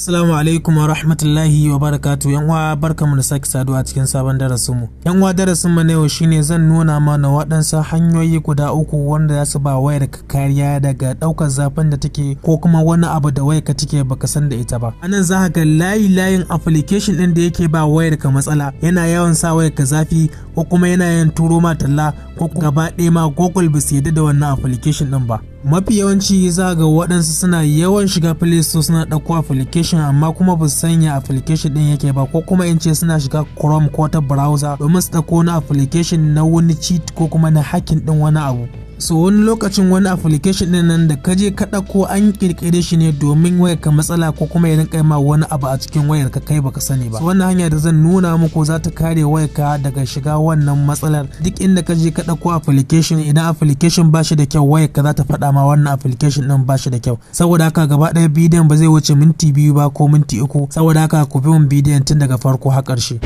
Assalamu alaikum wa rahmatullahi wa barakatu yan uwa mu da sake saduwa cikin sabon darasin mu. Yan uwa darasin mu na yau shine zan nuna mana waɗansu hanyoyi guda uku wanda za su ba wayar ka kariya daga ɗaukar zafin da take ko kuma wani abu da wayar ka take baka san da ita ba. Anan za ka ga layi layin application ɗin da yake ba wayar ka matsala yana yawan sa wayar ka zafi ko kuma yana yin turo ma talla ko gaba ɗaya ma Google ba su yarda da wannan application ɗin ba. mafi yawanci za ga waɗansu suna yawan shiga play store suna ɗauko application amma kuma ba su sanya application ɗin yake ba ko kuma in ce suna shiga chrome ko ta browser domin su ɗauko na application na wani cheat ko kuma na hacking ɗin wani abu so wani lokacin wani application din nan da kaje je ka ɗauko an kirkire shi ne domin wayar ka matsala ko kuma ya rinka ma wani abu a cikin wayar ka kai baka sani ba so wannan hanya da zan nuna muku za ta kare wayar ka daga shiga wannan matsalar duk inda ka je ka ɗauko application idan application ba shi da kyau wayar ka za ta faɗa ma wannan application din ba shi da kyau saboda haka gaba ɗaya bidiyon ba zai wuce minti biyu ba ko minti uku saboda haka ku bi mun bidiyon tun daga farko har ƙarshe.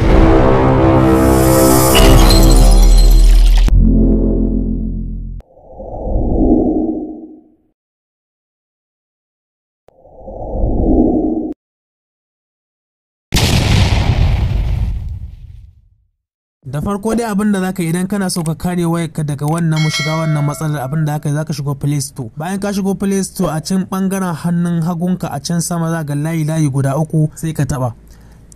da farko dai abin da zaka yi idan kana so ka kare wayarka daga wannan mu shiga wannan matsalar abin da zaka yi zaka shigo Play Store bayan ka shigo Play Store a can bangaren hannun hagunka a can sama za ga layi layi guda uku sai ka taba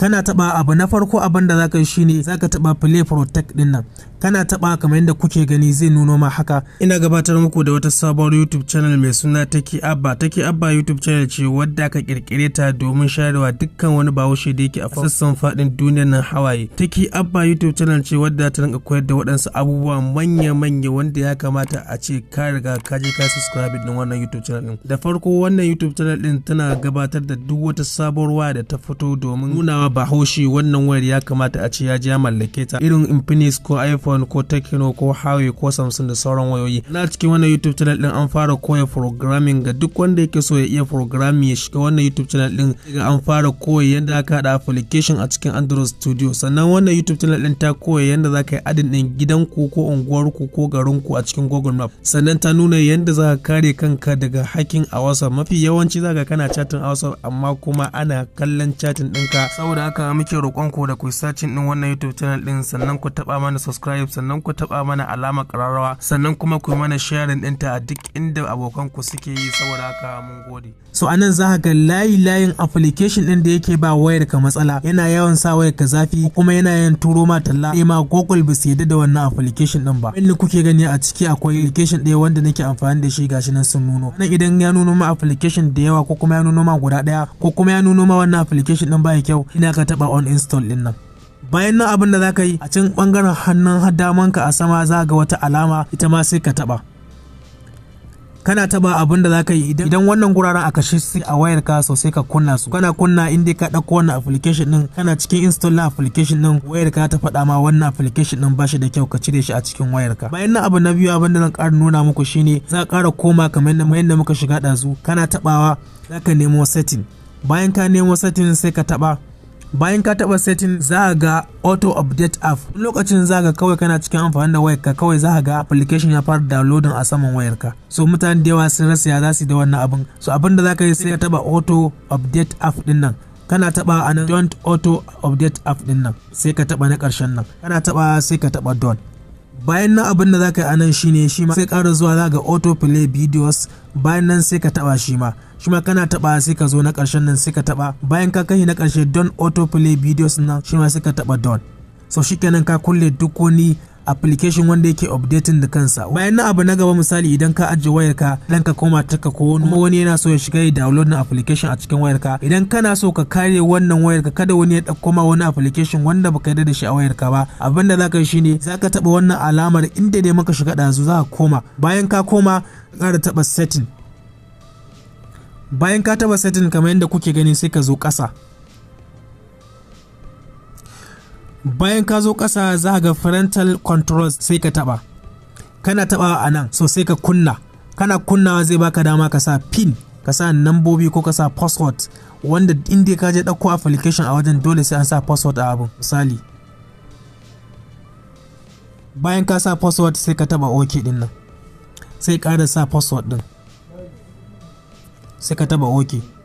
kana taba abu na farko abin da zaka yi shine zaka taba Play Protect din nan kana taba kamar yadda kuke gani zai nuno ma haka ina gabatar muku da wata sabuwar youtube channel mai suna take abba take abba youtube channel ce wadda aka kirkire ta domin sharewa dukkan wani shi da yake a sassan fadin duniyar nan hawaye take abba youtube channel ce wadda ta rinka koyar da waɗansu abubuwa manya-manya wanda ya kamata a ce ka riga ka je ka subscribe din wannan youtube channel din da farko wannan youtube channel din tana gabatar da duk wata sabuwar waya da ta fito domin nunawa bahaushe wannan wayar ya kamata a ce ya je ya mallake ta irin infinix ko iphone iphone ko tekino ko huawei ko samsung da sauran wayoyi na cikin wannan youtube channel din an fara koya programming ga duk wanda yake so ya iya programming ya shiga wannan youtube channel din ga an fara koya yadda aka hada application a cikin android studio sannan wannan youtube channel din ta koya yadda za ka yi adin din ku ko unguwar ku ko garin ku a cikin google map sannan ta nuna yadda za ka kare kanka daga hacking a whatsapp mafi yawanci za ka kana chatting a whatsapp amma kuma ana kallon chatting ɗinka saboda haka muke roƙonku da ku searching din wannan youtube channel din sannan ku taɓa mana subscribe subscribe sannan ku taba mana alama kararrawa sannan kuma ku mana sharing dinta a duk inda abokan ku suke yi saboda haka mun gode so anan za ga layi layin application ɗin da yake ba wayar ka matsala yana yawan sa wayar ka zafi kuma yana yin turo ma talla eh ma google ba yadda da wannan application ɗin ba wanda kuke gani a ciki akwai application ɗaya wanda nake amfani da shi gashi nan sun nuno nan idan ya nuno ma application da yawa ko kuma ya nuno ma guda ɗaya ko kuma ya nuno ma wannan application ɗin ba kyau ina ka taba on install ɗin nan bayan nan abin da za ka yi a can bangaren hannun damanka a sama za ga wata alama ita ma sai ka taba kana taba abin da za ka yi idan wannan guraren a kashe su a wayar ka sosai ka kunna su kana kunna inda ka ɗauko wannan application din kana cikin install na application din wayar ka ta faɗa ma wannan application din bashi da kyau ka cire shi a cikin wayar ka bayan nan abu na biyu abin da zan ƙara nuna muku shine za ka kara koma kamar yadda muka shiga dazu kana tabawa za ka nemo setting bayan ka nemo setting sai ka taba bayan ka taba setting za ga auto update app lokacin za ga kawai kana cikin amfani da wayarka kawai za ga application ya fara downloading a saman wayarka so mutane da yawa sun rasa ya za su da wannan abin so abin da za ka yi sai ka taba auto update app din nan kana taba anan don't auto update app din nan sai ka taba na karshen nan kana taba sai ka taba done bayan nan abin da za ka yi anan shi ne shi ma sai ƙara zuwa za ga autoplay videos bayan nan sai ka taɓa shi ma shi ma kana taɓa sai ka zo na ƙarshen nan sai ka taɓa bayan ka kai na ƙarshe don autoplay videos nan shi ma sai ka taɓa don so kenan ka kulle duk wani application wanda yake updating da kansa bayan na abu na gaba misali idan ka ajiye wayarka dan ka koma taka ko wani yana so ya shiga ya download na application a cikin wayarka idan kana so ka kare wannan wayarka kada wani ya dauko ma wani application wanda baka yarda da shi a wayarka ba abin da zaka yi shine zaka taba wannan alamar inda ne maka shiga dazu zaka koma bayan ka koma ka taba setting bayan ka taba setting kamar yadda kuke gani sai ka zo kasa. bayan ka zo ƙasa za ga parental controls sai ka taɓa kana taba a nan so sai ka kunna kana kunnawa zai baka dama ka sa pin ka sa nambobi ko ka sa password wanda inda ka je ɗauko application a wajen dole sai an sa password a abin misali bayan ka sa password sai ka taɓa ok din nan sai ƙara sa password din sai ka taɓa ok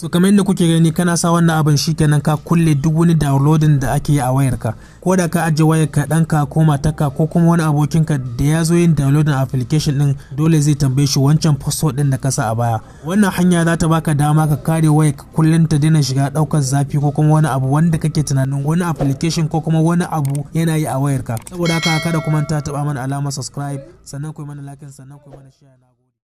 so kamar yadda kuke gani kana sa wannan abin kenan ka kulle duk wani downloading da ake yi a wayarka ko da ka ajiye wayarka ɗanka ko matarka ko kuma wani abokinka da ya zo yin downloading application din dole zai tambaye shi wancan password ɗin da ka sa a baya wannan hanya za ta baka dama ka kare ka kullun ta daina shiga daukar zafi ko kuma wani abu wanda kake tunanin wani application ko kuma wani abu yana yi a wayarka saboda haka kada kuma ta taɓa mana alamar subscribe sannan ku yi mana like sannan ku yi mana share